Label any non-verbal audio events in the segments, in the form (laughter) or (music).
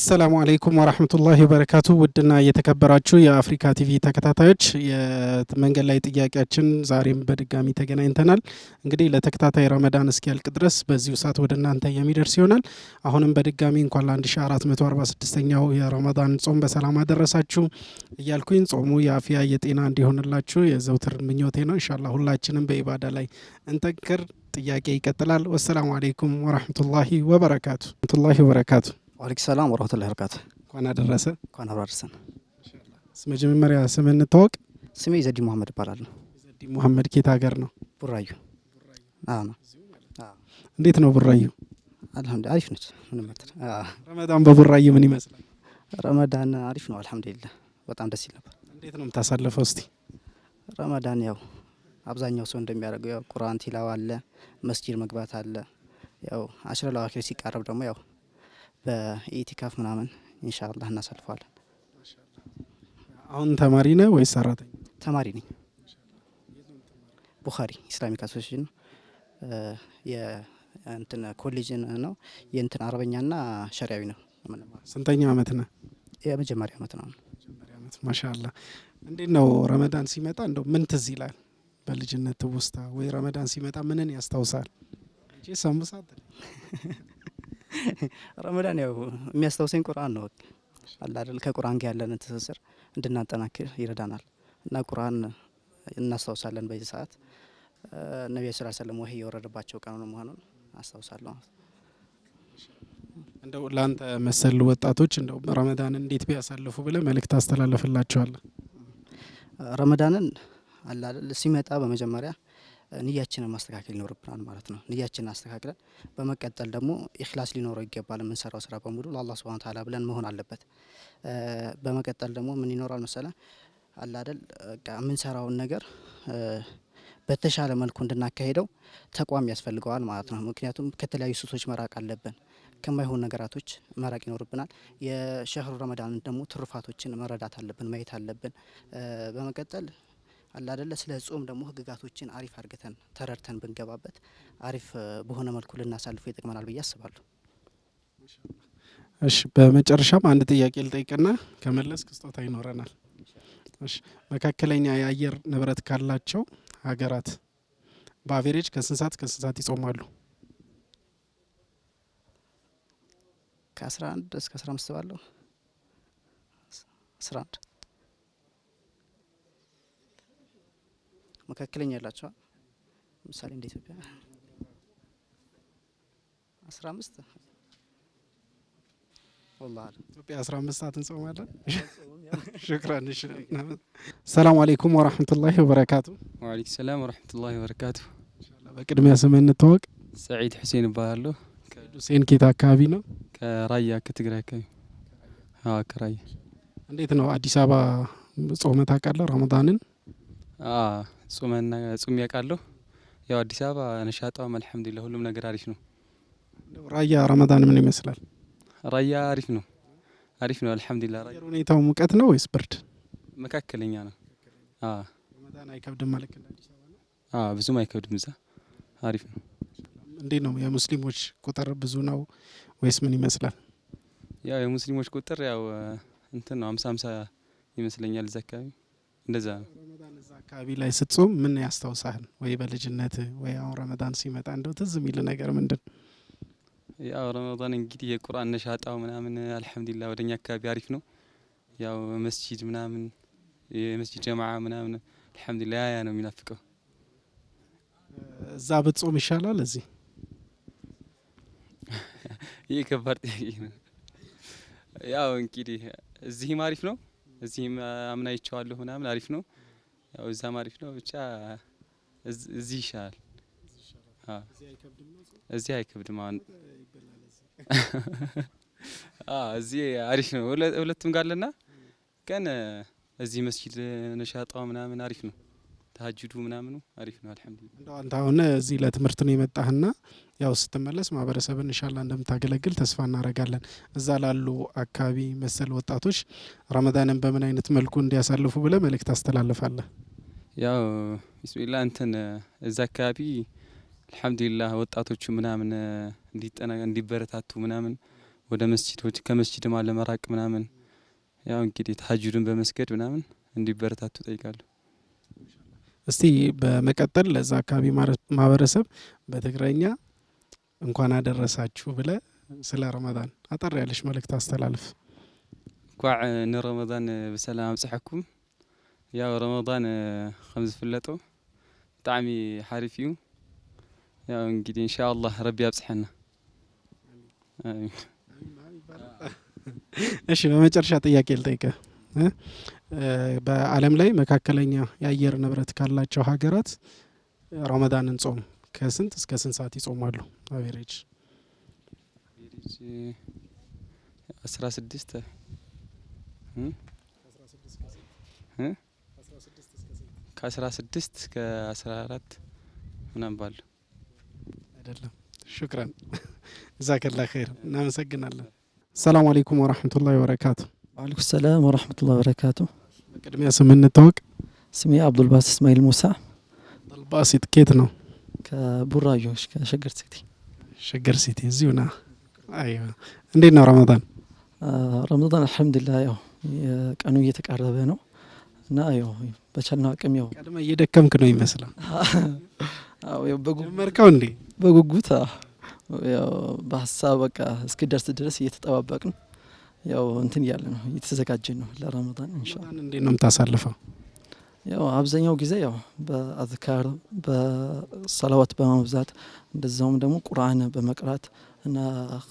አሰላሙ አለይኩም ወራህመቱላሂ ወበረካቱ። ውድና እየተከበራችሁ የአፍሪካ ቲቪ ተከታታዮች የመንገድ ላይ ጥያቄያችን ዛሬም በድጋሚ ተገናኝተናል። እንግዲህ ለተከታታይ ረመዳን እስኪያልቅ ድረስ በዚሁ ሰዓት ወደ እናንተ የሚደርስ ይሆናል። አሁንም በድጋሚ እንኳን ለ1446ኛው የረመዳን ጾም በሰላም አደረሳችሁ እያልኩኝ ጾሙ የአፍያ የጤና እንዲሆንላችሁ የዘውትር ምኞቴ ነው። እንሻላ ሁላችንም በኢባዳ ላይ እንጠንክር። ጥያቄ ይቀጥላል። ወሰላሙ አለይኩም ወራህመቱላሂ ወበረካቱ ወበረካቱ ዋሊክ ሰላም ወራህመቱላሂ ወበረካቱ። እንኳን አደረሰ። እንኳን አብሮ አደረሰን። መጀመሪያ ስምን እንታወቅ። ስሜ ዘዲ ሙሐመድ ይባላል። ዘዲ ሙሐመድ ኬት ሀገር ነው? ቡራዩ። እንዴት ነው ቡራዩ? አልሐምዱሊላህ አሪፍ ነች። ምንም ረመዳን በቡራዩ ምን ይመስላል? ረመዳን አሪፍ ነው አልሐምዱሊላህ። በጣም ደስ ይል ነበር። እንዴት ነው የምታሳልፈው? እስቲ ረመዳን ያው አብዛኛው ሰው እንደሚያደርገው ያው ቁርአን ቲላዋ አለ፣ መስጂድ መግባት አለ። ያው አሽረል አዋኺር ሲቃረብ ደግሞ ያው በኢቲካፍ ምናምን ኢንሻአላህ እናሳልፈዋለን። አሁን ተማሪ ነህ ወይስ ሰራተኛ? ተማሪ ነኝ። ቡኻሪ ኢስላሚክ አሶሴሽን የእንትን ኮሌጅ ነው የእንትን አረበኛና ሸሪያዊ ነው። ስንተኛ አመት ነህ? የመጀመሪያ አመት ነው። ማሻላ እንዴት ነው ረመዳን ሲመጣ እንደው ምን ትዝ ይላል? በልጅነት ትውስታ ወይ ረመዳን ሲመጣ ምንን ያስታውሳል? ሰሙሳ (laughs) ረመዳን ያው የሚያስታውሰኝ ቁርአን ነው። አላደል ከቁርአን ጋር ያለን ትስስር እንድናጠናክር ይረዳናል እና ቁርአን እናስታውሳለን። በዚህ ሰዓት ነቢያ ስላ ስለም ወህ የወረደባቸው ቀኑ መሆኑን አስታውሳለሁ። እንደው ለአንተ መሰል ወጣቶች እንደው ረመዳንን እንዴት ቢያሳልፉ ብለ መልእክት አስተላለፍላቸዋለን? ረመዳንን አላደል ሲመጣ በመጀመሪያ ንያችንን ማስተካከል ይኖርብናል ማለት ነው። ንያችንን አስተካክለን በመቀጠል ደግሞ ኢኽላስ ሊኖረው ይገባል። የምንሰራው ስራ በሙሉ ለአላህ ሱብሃነሁ ተዓላ ብለን መሆን አለበት። በመቀጠል ደግሞ ምን ይኖራል መሰለ አላደል የምንሰራውን ነገር በተሻለ መልኩ እንድናካሄደው ተቋም ያስፈልገዋል ማለት ነው። ምክንያቱም ከተለያዩ ሱሶች መራቅ አለብን። ከማይሆን ነገራቶች መራቅ ይኖርብናል። የሸህሩ ረመዳን ደግሞ ትሩፋቶችን መረዳት አለብን፣ ማየት አለብን። በመቀጠል አላደለ ስለ ጾም ደግሞ ህግጋቶችን አሪፍ አድርገተን ተረድተን ብንገባበት አሪፍ በሆነ መልኩ ልናሳልፎ ይጠቅመናል ብዬ አስባለሁ። እሺ፣ በመጨረሻም አንድ ጥያቄ ልጠይቅና ከመለስ ክስጦታ ይኖረናል። እሺ፣ መካከለኛ የአየር ንብረት ካላቸው ሀገራት በአቬሬጅ ከስንት ሰዓት ከስንት ሰዓት ይጾማሉ? ከአስራ አንድ እስከ አስራ አምስት ባለው አስራ አንድ መካከለኛ ያላቸዋል። ለምሳሌ እንደ ኢትዮጵያ አስራ አምስት ኢትዮጵያ አስራ አምስት ሰዓት እንጾማለን። ሽክራን። ሰላሙ አሌይኩም ወራህመቱላሂ ወበረካቱ። ወአለይኩም ሰላም ወራህመቱላሂ ወበረካቱ። በቅድሚያ ስምህ እንታወቅ። ሰዒድ ሁሴን እባላለሁ። ሁሴን ኬት አካባቢ ነው? ከራያ ከትግራይ አካባቢ። ከራያ። እንዴት ነው አዲስ አበባ ጾመ ታውቃለህ? ረመዳንን ጹም ያውቃለሁ። ያው አዲስ አበባ ነሻጣም አልሐምዱሊላህ ሁሉም ነገር አሪፍ ነው። ራያ ረመዳን ምን ይመስላል? ራያ አሪፍ ነው፣ አሪፍ ነው አልሐምዱሊላህ። ራያ ሁኔታው ሙቀት ነው ወይስ ብርድ? መካከለኛ ነው። ረመዳን አይከብድም ማለት ነው። ብዙም አይከብድም፣ እዛ አሪፍ ነው። እንዴት ነው የሙስሊሞች ቁጥር ብዙ ነው ወይስ ምን ይመስላል? ያው የሙስሊሞች ቁጥር ያው እንትን ነው አምሳ አምሳ ይመስለኛል እዛ አካባቢ እንደዛ ነው። አካባቢ ላይ ስትጾም ምን ያስታውሳል? ወይ በልጅነት ወይ አሁን ረመዳን ሲመጣ እንደው ትዝ የሚል ነገር ምንድን ያው ረመዳን እንግዲህ የቁርአን ነሻጣው ምናምን አልሐምዱሊላህ ወደኛ አካባቢ አሪፍ ነው። ያው መስጂድ ምናምን የመስጂድ ጀማዓ ምናምን አልሐምዱሊላህ ያ ነው የሚናፍቀው። እዛ ብትጾም ይሻላል እዚህ? ይህ ከባድ ጥያቄ ነው። ያው እንግዲህ እዚህም አሪፍ ነው፣ እዚህም አምናይቸዋለሁ ምናምን አሪፍ ነው። ያው እዛም አሪፍ ነው ብቻ እዚህ ይሻላል። እዚህ አይከብድም። አሁን እዚህ አሪፍ ነው። ሁለቱም ጋለና ቀን እዚህ መስጊድ ነሻጣው ምናምን አሪፍ ነው። ታጅዱ ምናምኑ አሪፍ ነው። አልሐምዱሊላህ። አንተ አሁን እዚህ ለትምህርት ነው የመጣህና ያው ስትመለስ ማህበረሰብን እንሻላ እንደምታገለግል ተስፋ እናደርጋለን። እዛ ላሉ አካባቢ መሰል ወጣቶች ረመዳንን በምን አይነት መልኩ እንዲያሳልፉ ብለ መልእክት ታስተላልፋለህ? ያው ቢስሚላህ እንትን እዛ አካባቢ አልሐምዱሊላህ ወጣቶቹ ምናምን እንዲበረታቱ ምናምን ወደ መስጂዶች ከመስጂድም አለመራቅ ምናምን ያው እንግዲህ ተሀጅዱን በመስገድ ምናምን እንዲበረታቱ ጠይቃለሁ። እስቲ በመቀጠል ለዛ አካባቢ ማህበረሰብ በትግረኛ እንኳን አደረሳችሁ ብለ ስለ ረመዳን አጠር ያለሽ መልእክት አስተላልፍ። እንኳዕ ንረመዳን ብሰላም ኣምፅሐኩም። ያው ረመዳን ከም ዝፍለጦ ብጣዕሚ ሓሪፍ እዩ። ያው እንግዲህ እንሻ አላህ ረቢ ያብፅሐና። እሺ በመጨረሻ ጥያቄ ልጠይቀ በዓለም ላይ መካከለኛ የአየር ንብረት ካላቸው ሀገራት ረመዳንን ጾም ከስንት እስከ ስንት ሰዓት ይጾማሉ? አቬሬጅ አስራ ስድስት ከአስራ ስድስት እስከ አስራ አራት ምናምን ባሉ አይደለም። ሹክረን ዛከላ ኸይር እናመሰግናለን። ሰላም አሌይኩም ወረህመቱላህ ወበረካቱ። ዋአለይኩም ሰላም ወረህመቱላህ ወበረካቱ። ቅድሚያ ስም እንታወቅ። ስሜ አብዱልባስ እስማኤል ሙሳ። አብዱልባስ ትኬት ነው ከቡራዮች ከሸገር ሲቲ ሸገር ሲቲ እዚሁ ና። አይዋ እንዴት ነው ረመዳን? ረመዳን አልሐምዱሊላህ ያው ቀኑ እየተቃረበ ነው እና ያው በቻልነው አቅም ያው ቀድመ እየደከምክ ነው ይመስላል። (laughs) መርከው እንዴ በጉጉት ያው በሀሳብ በቃ እስኪደርስ ድረስ እየተጠባበቅን ያው እንትን እያለ ነው እየተዘጋጀ ነው ለረመዳን ኢንሻአላህ። እንዴት ነው የምታሳልፈው? ያው አብዛኛው ጊዜ ያው በአዝካር በሰላዋት በማብዛት እንደዛውም ደግሞ ቁርአን በመቅራት እና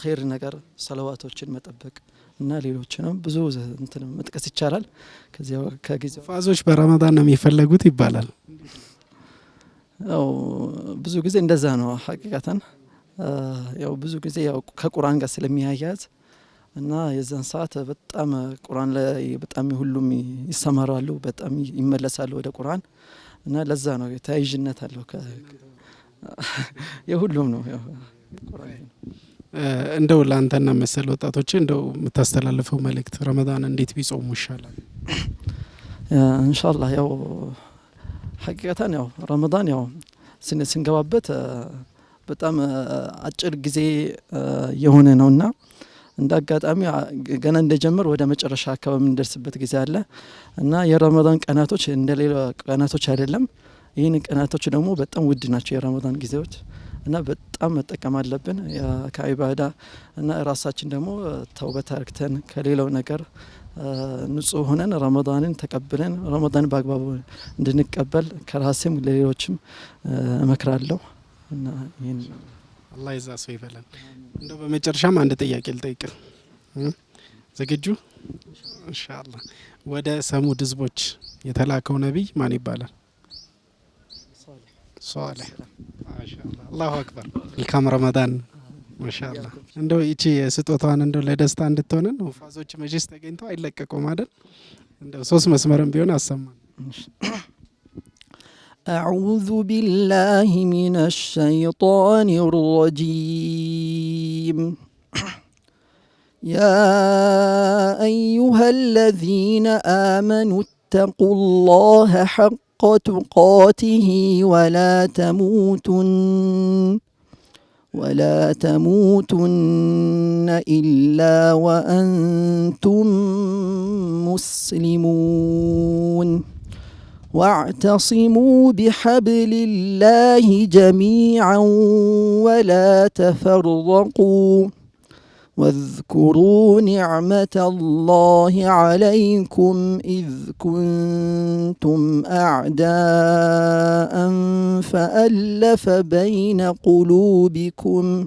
ኸይር ነገር ሰላዋቶችን መጠበቅ እና ሌሎችንም ብዙ እንትን መጥቀስ ይቻላል። ከዚያ ከጊዜ ፋዞች በረመዳን ነው የሚፈለጉት ይባላል። ያው ብዙ ጊዜ እንደዛ ነው ሐቂቃተን ያው ብዙ ጊዜ ያው ከቁርአን ጋር ስለሚያያዝ እና የዛን ሰዓት በጣም ቁርአን ላይ በጣም ሁሉም ይሰማራሉ፣ በጣም ይመለሳሉ ወደ ቁርአን እና ለዛ ነው ተያይዥነት አለው። (laughs) የሁሉም ነው። እንደው ለአንተና መሰል ወጣቶች እንደው የምታስተላልፈው መልእክት ረመዳን እንዴት ቢጾሙ ይሻላል? እንሻላ ያው ሀቂቀታን ያው ረመዳን ያው ስንገባበት በጣም አጭር ጊዜ የሆነ ነውና እንደ አጋጣሚ ገና እንደጀምር ወደ መጨረሻ አካባቢ የምንደርስበት ጊዜ አለ እና የረመዳን ቀናቶች እንደ ሌላ ቀናቶች አይደለም። ይህን ቀናቶች ደግሞ በጣም ውድ ናቸው የረመዳን ጊዜዎች እና በጣም መጠቀም አለብን ከኢባዳ እና ራሳችን ደግሞ ተውበት አርግተን ከሌላው ነገር ንጹህ ሆነን ረመዳንን ተቀብለን ረመዳን በአግባቡ እንድንቀበል ከራሴም ለሌሎችም እመክራለሁ እና ይህን አላህ የዛ ሰው ይበለን። እንደው በመጨረሻም አንድ ጥያቄ ልጠይቅ፣ ዝግጁ እንሻላ። ወደ ሰሙድ ህዝቦች የተላከው ነቢይ ማን ይባላል? አላሁ አክበር። መልካም ረመዳን ማሻላ። እንደው ይቺ የስጦታዋን እንደው ለደስታ እንድትሆንን ፋዞች መጅስ ተገኝተው አይለቀቁም አይደል? እንደው ሶስት መስመርም ቢሆን አሰማን። أعوذ بالله من الشيطان الرجيم يا أيها الذين آمنوا اتقوا الله حق تقاته ولا تموتن ولا تموتن إلا وأنتم مسلمون واعتصموا بحبل الله جميعا ولا تفرقوا واذكروا نعمة الله عليكم إذ كنتم أعداء فألف بين قلوبكم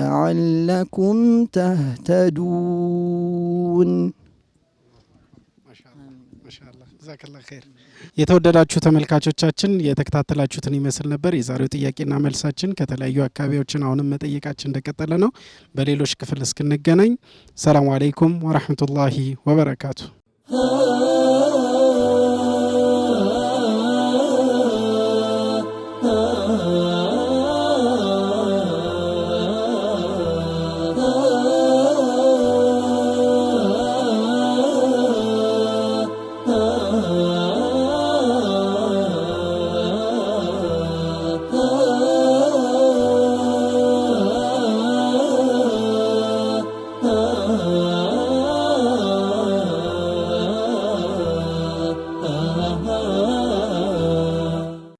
لعلكم تهتدون የተወደዳችሁ ተመልካቾቻችን የተከታተላችሁትን ይመስል ነበር። የዛሬው ጥያቄና መልሳችን ከተለያዩ አካባቢዎችን አሁንም መጠየቃችን እንደቀጠለ ነው። በሌሎች ክፍል እስክንገናኝ ሰላም አለይኩም ወራህመቱላሂ ወበረካቱ።